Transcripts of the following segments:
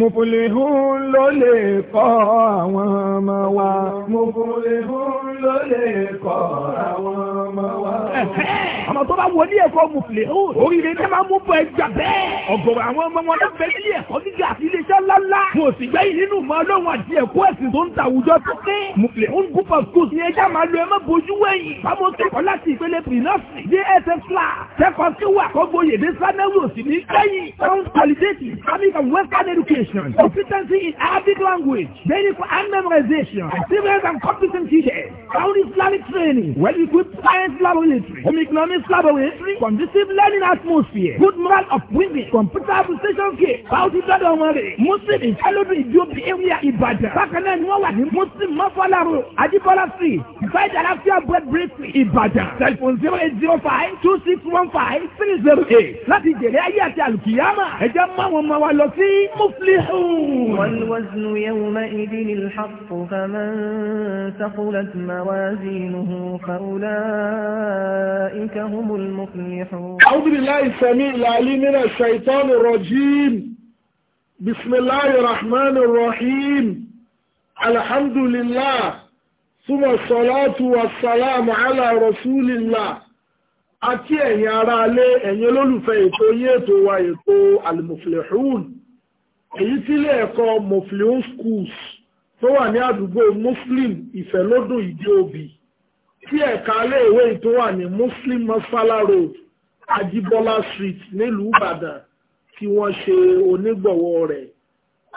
Mùfúlihún ló lè kọ́ àwọn ọmọ wa. Mùfúlihún ló lè kọ́ àwọn ọmọ tó bá wọlé ẹ̀kọ́ mu filẹ̀ oríire ní ma mú bọ ẹja bẹ́ẹ̀ àwọn ọmọ wọn náà bẹ nílé ẹ̀kọ́ gíga àti iléeṣẹ́ ńláńlá mo sì gbẹ́yìn nínú mọ́ ọlọ́run àti ẹ̀kọ́ ẹ̀sìn tó ń ta àwùjọ tó pé mo filẹ̀ ó ń kú for schools ní ẹja máa lo ẹmọ bojú wẹ̀yìn bámo kẹ́kọ̀ọ́ láti ìpele pinọ́ọ̀sì dsf fla kẹ́kọ̀ọ́ sí wà kọ́gbó yèdè sanẹ́wì òsì ní gbẹ̀yìn sound qualitative Islamic and Western education competency in Arabic language training for hand memorization experience and competent teachers sound Islamic training well equipped science excellent laboratory, home economics laboratory, conducive learning atmosphere, good moral of computer application care, bounty dọ́dọ̀ wọn rè. Muslim ìfẹ́lódún ìdí òbí area Ìbàdàn. Bákan náà ni wọ́n wà ní Muslim Mọ́fọ́lá Road, Street, Ìfẹ́d Àlàáfíà Bread Bakery, Ìbàdàn. Telephone zero eight zero five two six one five three zero eight. Láti jèrè ayé àti àlùkìyámà, ẹ jẹ́ mú àwọn ọmọ wa lọ sí Muflihun. Wal waznu yawma'idhin al-haqq faman thaqulat mawazinuhu fa ulai أولئك هم المفلحون أعوذ بالله السميع العليم من الشيطان الرجيم بسم الله الرحمن الرحيم الحمد لله ثم الصلاة والسلام على رسول الله àti ẹ̀yin ará alé ẹ̀yin olólùfẹ́ ètò yé ètò wa ètò al-muflihun èyí tí ilé ẹ̀kọ́ muflihun schools tó wà ní àdúgbò muslim ìfẹ́lódùn ìdí òbí tí ẹ̀ka iléèwé tó wà ní Muslim Masala Road Ajibola Street nílùú Ìbàdàn tí wọ́n ṣe onígbọ̀wọ́ rẹ̀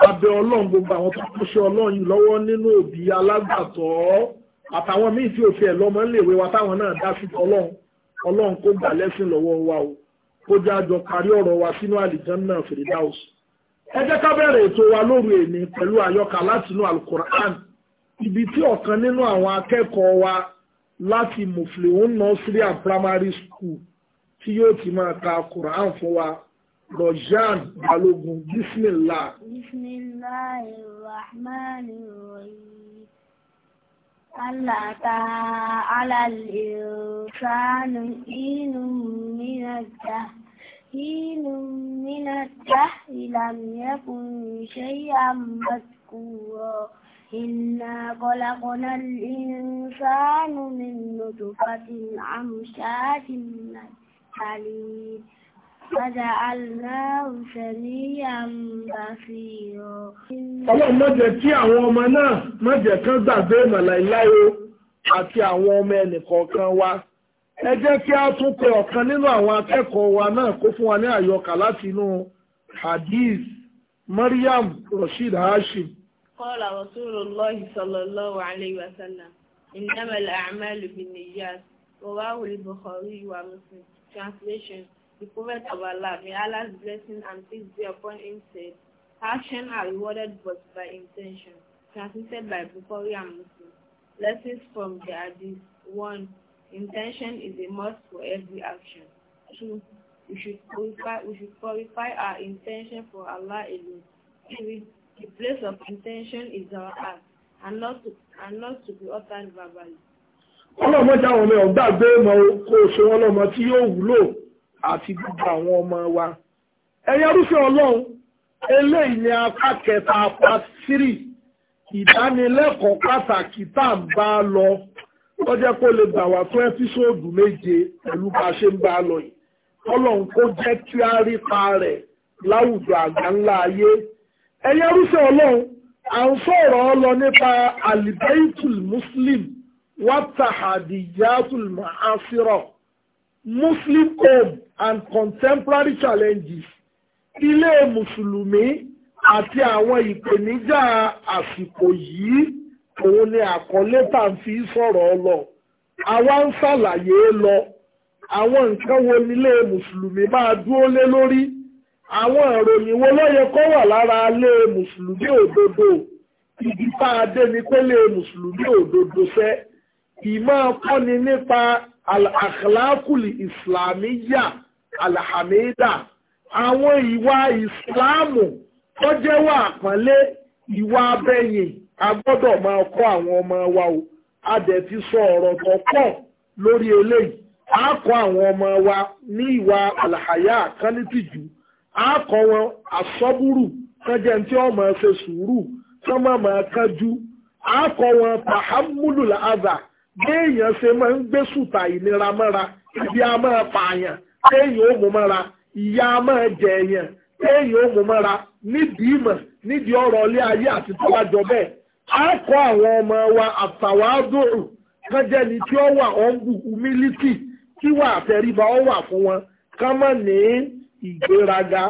abẹ́ ọlọ́run gbogbo àwọn tó kún ṣe ọlọ́run yìí lọ́wọ́ nínú òbí alágbàtọ́ àtàwọn míì tí òfin ẹ̀ lọ́mọ iléèwé wa táwọn náà dá sí ọlọ́run ọlọ́run kó gbà lẹ́sìn lọ́wọ́ wa o kó já jọ parí ọ̀rọ̀ wa sínú àlìjánná fèrèdáùsì ẹ jẹ́ ká bẹ̀rẹ̀ ètò wa lóru èní pẹ̀lú àyọkà látinú alukur'an ibi tí ọ̀kan nínú àwọn akẹ́kọ̀ọ́ wa láti muflihun nursery and primary school tí yóò ti máa ka quran fún wa rojan balogun bismillah. bismillahi rahmani rahim. Allah ta'ala al-insanu inun min al-jahl حين من إنا خلقنا الإنسان من نطفة عمشاج نبتليه فجعلناه سميعا بصيرا Ọlọ́run má jẹ́ kí àwọn ọmọ náà má jẹ́ kán gbàgbé màláìláì o àti àwọn ọmọ ẹnìkọ̀ọ̀kan wa. Ẹ jẹ́ kí a tún pe ọ̀kan nínú àwọn akẹ́kọ̀ọ́ wa náà kó fún wa ní àyọkà láti inú Hadith Maryam Rashid Hashim قال رسول الله صلى الله عليه وسلم إنما الأعمال بالنيات رواه البخاري ومسلم Translation The Prophet of Allah, may Allah's blessing and peace be upon him, said, "Action are rewarded but by intention. Transmitted by Bukhari and Muslim. Lessons from the Hadith. One, Intention is a must for every action. 2. We should purify, we should purify our intention for Allah alone. The place of intention is our heart and not to, and not to be uttered verbally. Ọlọ́mọ jẹ́ àwọn ọmọ ọ̀gbàgbé mọ kó ṣe wọn lọ́mọ tí yóò wúlò àti gbogbo àwọn ọmọ wa. Ẹ̀yin arúfẹ́ Ọlọ́run, eléyìí ni apá kẹta apá sírì, ìdánilẹ́kọ̀ọ́ pàtàkì tá à ń bá lọ. Ó jẹ́ kó lè gbà wá fún ẹ́písòdù méje pẹ̀lú bá a ṣe ń bá lọ yìí. Ọlọ́run kó jẹ́ kí á rí pa rẹ̀ láwùjọ àgbáńlá ayé ẹ̀yẹ rúṣẹ́ ọlọ́run à ń sọ̀rọ̀ lọ nípa alibaitul muslim watahadiyatul maasiro muslim home and contemporary challenges ilé mùsùlùmí àti àwọn ìpèníjà àsìkò yìí òun ni àkọlé tá à ń fi sọ̀rọ̀ lọ àwa ń ṣàlàyé lọ àwọn nǹkan wo nílé mùsùlùmí máa dúró lé lórí àwọn ìròyìn wo ló yẹ kó wà lára lé mùsùlùmí òdodo ìdí tá a dé ni pé lé mùsùlùmí òdodo ṣe ìmọ̀ kọ́ni nípa al-akhlaqul islamiyya alhamida àwọn ìwà ìsìláàmù tó jẹ́wọ́ àpọ́nlé ìwà abẹ́yìn a máa kọ́ àwọn ọmọ wa o a sọ ọ̀rọ̀ tó pọ̀ lórí eléyìí a kọ́ àwọn ọmọ wa ní ìwà alhaya kan akọwọn asọgburu àsọ́búrù kọjá tí wọ́n máa ṣe sùúrù tí wọ́n máa kájú pa wọn tàhámúlù làázà béèyàn ṣe máa ń gbé sùtà a máa pààyàn téèyàn ó mú mọ́ra ìyá a jẹ èèyàn téèyàn ó mú mọ́ra nídìí ìmọ̀ ìgbéraga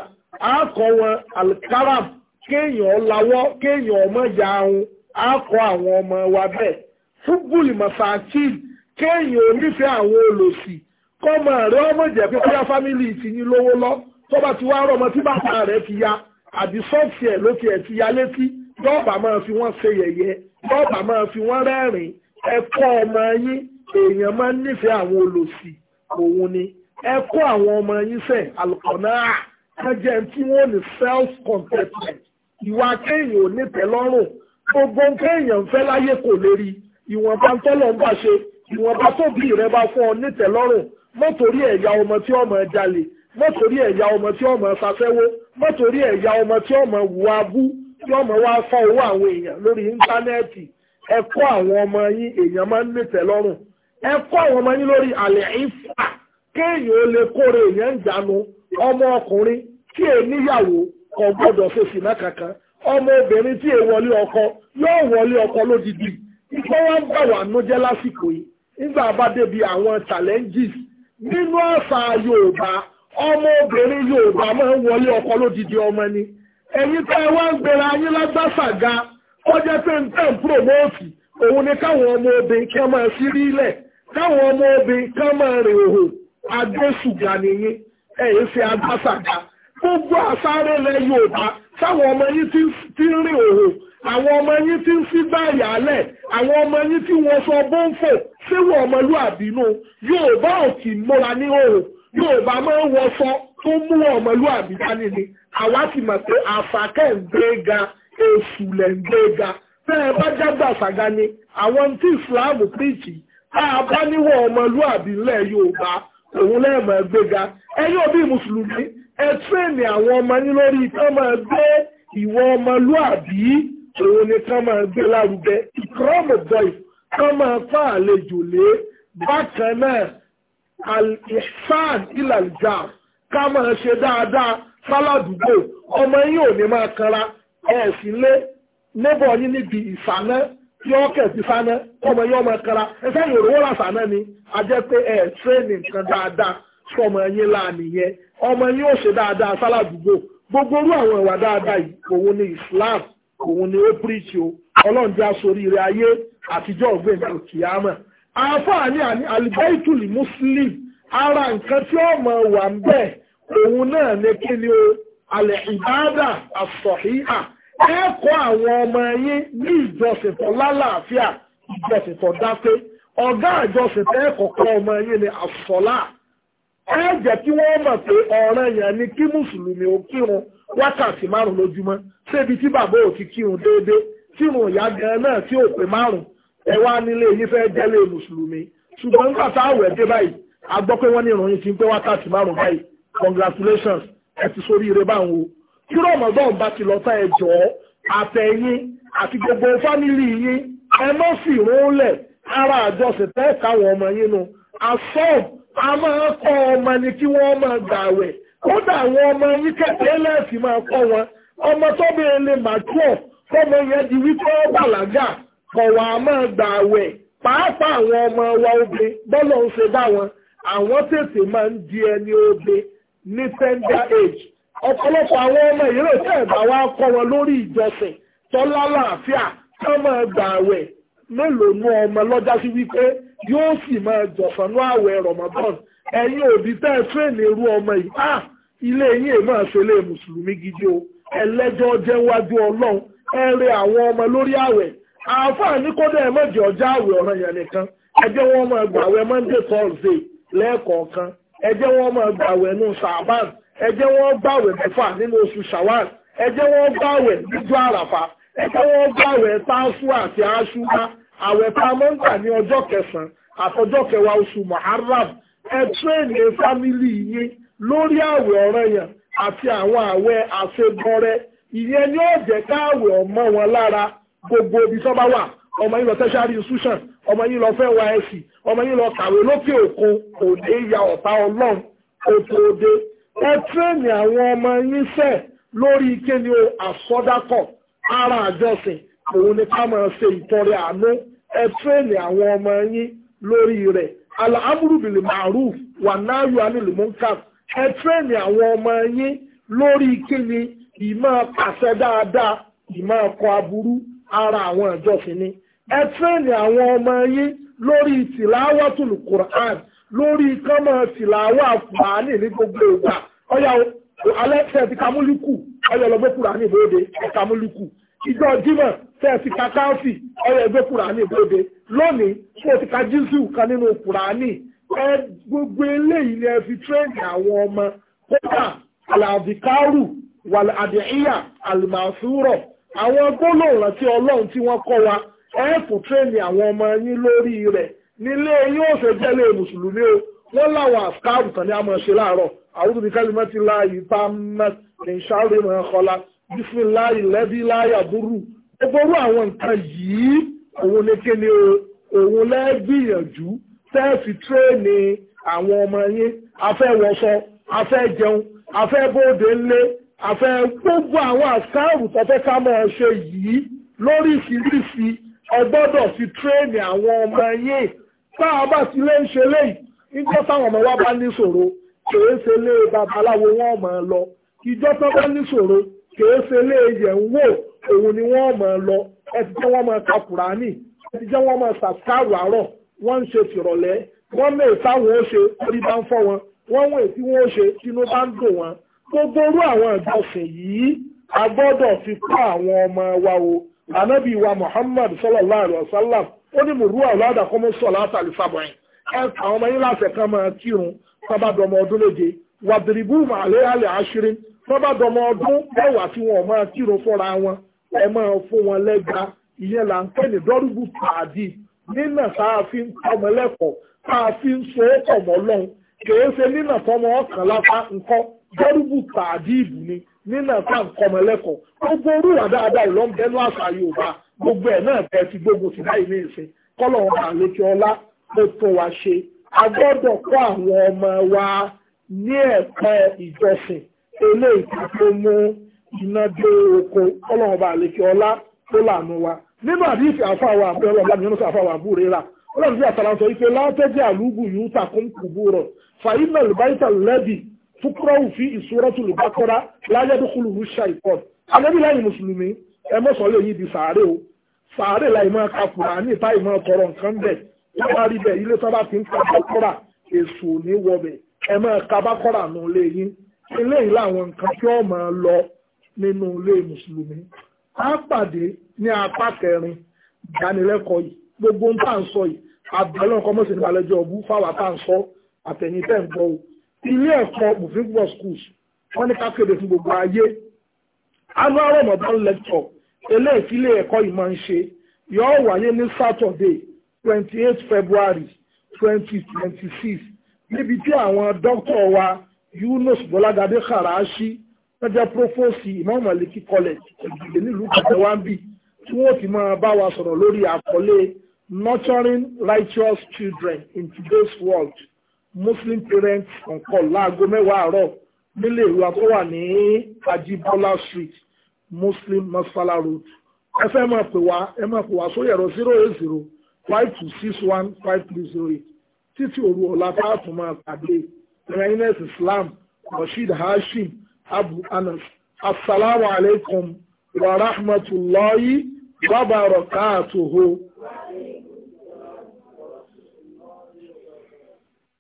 àkọ́ wọn alkaram kéèyàn lawọ́ kéèyàn ọmọ ya ahun àkọ́ àwọn ọmọ wa bẹ́ẹ̀ fúgbùlì masakin kéèyàn onífẹ́ àwọn olòṣì kọ́mọ rẹ ọmọ jẹ́ pé fámìlì ìtìyín lówó lọ tó bá ti rọmọ tí bàbá rẹ ti ya àbí sọ́ọ̀tì ẹ̀ ló ti ẹ̀ ti ya létí dọ́ọ̀bà máa fi wọ́n ṣe yẹ̀yẹ́ dọ́ọ̀bà máa fi wọ́n rẹ́rìn-ín ẹ̀kọ́ ọmọ yín èèyàn máa ń nífẹ̀ẹ́ àwọn olòṣì òun ni ẹ kọ́ àwọn ọmọ yín sẹ̀ alùpàná kájẹ́ tí wọ́n ní self contentment ìwà kéèyàn ò ní tẹ́lọ́rùn gbogbo kéèyàn ń fẹ́ láyé kò lè rí ìwọ̀nba tọ́lọ̀ ń bá ṣe ìwọ̀nba tóbi rẹ bá fún ọ ní tẹ́lọ́rùn mọ́tòrí ẹ̀yà ọmọ tí ọmọ jalè mọ́tòrí ẹ̀yà ọmọ tí ọmọ ṣàfẹ́wó mọ́tòrí ẹ̀yà ọmọ tí ọmọ wùwà bú tí ọmọ wa fọ́ owó àwọn èèyàn lórí íńtánẹ́ẹ̀tì ẹ kọ́ àwọn ọmọ yín èèyàn máa ń nìtẹ̀ lọ́rùn ẹ kọ́ àwọn ọmọ yín lórí àlẹ́ ìfà kéèyàn ó lè kóre èèyàn ń jánu ọmọ ọkùnrin kí è níyàwó kò kankan ọmọ obìnrin tí è wọlé ọkọ yóò wọlé ọkọ lódìdí ikọ́ wa ń bà wá lásìkò yìí nígbà bá débi àwọn nínú àṣà ọmọ obìnrin Yorùbá máa ń ọkọ lódìdí ọmọ ni tá ẹ wá ń ni káwọn ọmọ obìnrin kan máa sí rí káwọn ọmọ obìnrin kan agbésùgà nìyí ẹ̀yìn fi agbásàgà gbogbo àsáré lẹ Yorùbá táwọn ọmọ yín ti ń rìn òhò àwọn ọmọ yín ti ń fi báyà lẹ̀ àwọn ọmọ yín tí wọ́n sọ bọ́ǹfò síwọ̀ ọmọlúàbí nù Yorùbá òkì múra ní òhò Yorùbá máa ń wọṣọ tó mú ọmọlúàbí dání ni àwa ti mọ̀ pé àfàkẹ́ ń gbé ga èṣù lẹ̀ ń gbé ga bẹ́ẹ̀ bá jágbà ṣàgá ni àwọn tí Islam píìkì tá a bá níwọ̀ ọmọlúàbí ńlẹ̀ Yorùbá òun lẹ́ẹ̀mọ̀ gbéga ẹ̀yin òbí mùsùlùmí ẹ tírèèni àwọn ọmọ yín lórí kán máa gbé ìwọ ọmọlúàbí òun ni kán máa gbé lárugẹ ìkọ́mù bọ́ì kán máa fà àlejò lé bákan náà al-ihsan ìlàlìjà ká máa ṣe dáadáa fáládùúgbò ọmọ yín ò ní máa kanra ẹ̀sìn lé níbọ̀ yín níbi ìsáná yọ kẹ̀sì sáná ọmọ yọ ọmọ kara ẹsẹ̀ yìí òróró rà sáná ni a jẹ́ pé ẹ̀ tírénì nǹkan dáadáa sọmọ yín láàánì yẹn ọmọ yín ò ṣe dáadáa sáládùúgbò gbogbo orú àwọn ìwà dáadáa yìí òun ni Islam òun ni ó píríṣì o ọlọ́run jẹ́ asorí rẹ̀ ayé àtijọ́ ọ̀gbìn kìámà àfààní alibaitul muslim ara nǹkan tí ó mọ̀ wà ń bẹ̀ òun náà ní kí o alẹ́ ìbáàdà àsọ̀híhà ẹ kọ́ àwọn ọmọ yín ní ìjọsìn tó lálàáfíà ìjọsìn tó dápé ọ̀gá àjọsìn tẹ́ kọ̀ọ̀kan ọmọ yín ni àsọ̀lá ẹ jẹ́ kí wọ́n mọ̀ pé ọ̀ràn yẹn ni kí mùsùlùmí ó kírun wákàtí márùn lójúmọ́ ṣébi tí bàbá ò ti kírun déédéé kírun ìyá gan náà tí ò pé márùn ẹ wá nílé yín fẹ́ jẹ́lé mùsùlùmí ṣùgbọ́n nígbà táwẹ̀ dé báyìí a gbọ́ pé wọ́n ní ìròyìn ti ń pé wákàtí márùn báyìí congratulations ẹ ti sórí ire báwọn o tí rọmọdún bá ti lọ tá ẹ jọ àtẹ̀yìn àti gbogbo fámìlì yín ẹ má sì rúnlẹ̀ ara àjọsìn tẹ́ káwọn ọmọ yín nu asọ́ọ̀m a máa kọ́ ọmọ ni kí wọ́n máa gbàwẹ̀ kódà àwọn ọmọ yín kẹ̀kẹ́ lẹ́ẹ̀fì máa kọ́ wọn ọmọ tó bẹ̀rẹ̀ lè màtúọ̀ fọmọ yẹn di wípé ó bàlágà kọ̀wà máa gbàwẹ̀ pàápàá àwọn ọmọ wa obe bọ́lọ̀ ń ṣe bá wọn àwọn tètè máa ń di ẹni obe ní tender age ọ̀pọ̀lọpọ̀ àwọn ọmọ ìró tí ẹ̀bà wa kọ́ wọn lórí ìjọsìn tó lálàáfíà tó máa gbà àwẹ̀ mélòó nu ọmọ lọ́jà sí wípé yóò sì máa jọ̀sánú àwẹ̀ Ramadan ẹ̀yin òbí tẹ́ ẹ fẹ́ẹ̀nì irú ọmọ yìí á ah, ilé yín èèmọ̀ àṣẹlẹ̀ mùsùlùmí gidi o ẹlẹ́jọ́ jẹ́ wájú ọlọ́run ẹ rẹ àwọn ọmọ lórí àwẹ̀ àǹfààní kódà ẹ mọ̀jẹ̀ ọjà àwẹ̀ ọ̀ràn yẹn nìkan ẹ jẹ́ wọn máa gbàwẹ̀ Monday Thursday lẹ́ẹ̀kọ̀ọ̀kan ẹ jẹ́ wọn máa gbàwẹ̀ nù sàbáàn ẹ jẹ́ wọ́n gbàwẹ̀ mẹ́fà nínú oṣù shawal ẹ jẹ́ wọ́n gbàwẹ̀ níjọ́ àràfà ẹ jẹ́ wọ́n gbàwẹ̀ táṣù àti àṣùbá àwẹ̀ tá a máa ń gbà ní ọjọ́ kẹsàn-án àtọjọ́ kẹwàá oṣù muharram ẹ tírèèni fámìlì yín lórí àwẹ̀ ọ̀ranyàn àti àwọn àwẹ̀ àṣebọrẹ ìyẹn ni ó jẹ́ káàwẹ̀ ọmọ wọn lára gbogbo ibi tó bá wà ọmọ yín lọ tẹ́sàrí institution ọmọ yín lọ fẹ́ wá ẹ̀sìn ọmọ yín lọ kàwé lókè òkun òde ya ọ̀tá ọlọ́run òtò òde ẹ tírẹ̀nì àwọn ọmọ yín sẹ̀ lórí kíni o àsọdákọ̀ ara àjọsìn òun ni ká máa ṣe ìtọrẹ àánú ẹ tírẹ̀nì àwọn ọmọ yín lórí rẹ̀ alhamdulilayi maruf wà náà yọ anílù munkar ẹ tírẹ̀nì àwọn ọmọ yín lórí kíni ìmọ̀ pàṣẹ dáadáa ìmọ̀ ọkọ̀ aburú ara àwọn àjọsìn ni ẹ tírẹ̀nì àwọn ọmọ yín lórí tìláwàtúlù Qur'an lórí kọ́mọ tìlàwọ́ àfààní ní gbogbo ìgbà ọ̀yà alẹ́sẹ̀ ti kamúlùkù ọ̀yà ọlọ́gbẹ́ kùránì ìbòde kamúlùkù ìjọ jímọ̀ fẹ́ẹ̀sì kakáfì ọ̀yà ẹgbẹ́ kùránì ìbòde lónìí mo ti ka jísù kan nínú kùránì ẹ gbogbo eléyìí ni ẹ fi tírẹ́ǹdì àwọn ọmọ kódà àlàbíkárù wàlàdìíyà àlùmàṣúrọ̀ àwọn gbólóhùn rántí ọlọ́run tí wọ́n kọ́ wa ẹ fò tírẹ́ǹdì àwọn ọmọ yín lórí rẹ̀ nílé yín ó ṣe jẹ́lé mùsùlùmí o wọ́n láwọn àfikáàrù tán ní àmọ́ ṣe láàárọ̀ àwùjọ bíi kálí mọ́tì láàyè tá mẹ́ ìṣàrò ìmọ̀ ẹ̀kọ́lá bífin láàyè lẹ́bí láyà burú gbogbo àwọn nǹkan yìí òun ní kíni o òun lẹ́gbìyànjú tẹ́ẹ̀fì tírẹ́ẹ̀nì àwọn ọmọ yín afẹ́wọṣọ afẹ́jẹun afẹ́bóde ńlé afẹ́ gbogbo àwọn àfikáàrù tó fẹ́ ká máa ṣe yìí lóríṣiríṣi ọgbọ́dọ̀ fi tírẹ́ẹ̀nì àwọn ọmọ yín táwọn bá ti lé ń ṣe léyìí níjọ́ táwọn ọmọ wa bá níṣòro kèé ṣe lé babaláwo wọn mọ̀ ọ́ lọ ìjọ́ tó bá níṣòro kèé ṣe lé yẹ̀ ń wò òun ni wọ́n mọ̀ ọ́ lọ ẹ ti jẹ́ wọ́n mọ̀ ká kùránì ẹ ti jẹ́ wọ́n mọ̀ ṣàkárò àárọ̀ wọ́n ń ṣe tìrọ̀lẹ́ wọ́n mọ̀ ìsáwọn ó ṣe orí bá ń fọ́ wọn wọ́n wọ̀ èsì wọn ó ṣe inú bá ń dùn wọn gbogbo orú àwọn ìjọsìn yìí a gbọ́dọ̀ fi kọ́ àwọn ọmọ wa o ànábì wa Muhammad sallallahu alaihi wasallam ó ní mùrú àwòládà kọ́ mọ́ sọ̀ látàlí fàbọ̀yìn ẹ àwọn ọmọ yín láṣẹ kan máa kírun tọ́ba dọmọ ọdún méje wàdìrìbù màálẹ́ àlẹ́ àṣírí tọ́ba dọmọ ọdún mẹ́wàá tí wọn máa kírun fọ́ra wọn ẹ máa fún wọn lẹ́gba ìyẹn là ń pè ní dọ́rùbù pàdí nínà tá a fi ń tọmọ lẹ́kọ̀ọ́ tá a fi ń so ọmọ lọ́hùn kìí ṣe nínà tọmọ ọkàn lápá nǹkan dọ́rùbù pàdí ìbù ni nínà tá a ń kọmọ lẹ́kọ̀ọ́ gbogbo orúwà dáadáa ìlọ́nbẹ́nu àṣà Yorùbá gbogbo ẹ̀ náà bẹ́ẹ̀ ti gbógun ti báyìí ní ìsìn kọ́lọ̀ wọn àlejò ọlá ló tún wa ṣe a gbọ́dọ̀ kọ́ àwọn ọmọ wa ní ẹ̀kọ́ ìjọsìn eléyìí tó mú iná dé oko kọ́lọ̀ wọn àlejò ọlá tó lànà wa nínú àdìsí àfàwà àbúrò ọlọ́ọ̀bá mi nínú àfàwà àbúrò rà ọlọ́run sí àtàlà sọ wípé látẹ́jẹ́ àlúgbù yìí takún kùbú rọ̀ fàyínà lùbáìtà lẹ́bì fúkúrọ́wù fi ìṣúrọ́tù lùbákọ́rá láyé dúkúlù ṣàìkọ́ alẹ́bí láyé mùsùlùmí ẹ mọ̀sọ̀ lè yí di sàárè o sàárè láì máa ka Kùránì táì máa tọrọ nǹkan bẹ̀ tó bá rí bẹ̀ ilé sábà ti ń ka bákọ́rà èso ní wọbẹ̀ ẹ máa ka bákọ́rà nù lé yín eléyìí làwọn nǹkan tí wọ́n máa lọ nínú ilé mùsùlùmí á pàdé ní apá kẹrin ìdánilẹ́kọ̀ọ́ yìí gbogbo ń tà ń sọ yìí àbẹ̀lẹ̀ ọkọ̀ mọ̀sẹ̀ ní alẹ́jọ́ ọ̀bú fáwọn tà ń sọ àtẹ̀yìn tẹ̀ ń gbọ́ o ilé ẹ̀kọ́ mufin football schools wọ́n ní ká kéde fún gbogbo ayé annual Ramadan lecture eléyìí tí ilé ẹ̀kọ́ yìí máa ń ṣe yóò wáyé ní Saturday twenty eight February twenty twenty six níbi tí àwọn dókítà wa Yunus Bọ́lágadé Karashi wọ́n jẹ́ prófóòsì Imam Maliki College ìgbìlẹ̀ nílùú kàtẹ́wáńbì tí wọ́n ti máa bá wa sọ̀rọ̀ lórí àkọlé nurturing righteous children in today's world Muslim parents on call láago mẹ́wàá àárọ̀ nílé ìwé àtọ́wà ní Ajibola Street muslim masala road ẹ fẹ́ máa pè wá ẹ máa pè wá sórí ẹ̀rọ zero eight zero five two six one five three zero eight títí òru ọ̀la táàtù máa pàdé reynes islam rasheed hashim abu anas asalaamu alaykum wa rahmatulahi wa barakatuhu.